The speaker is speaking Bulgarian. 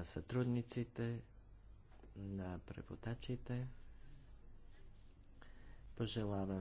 на сътрудниците, на преводачите. Пожелавам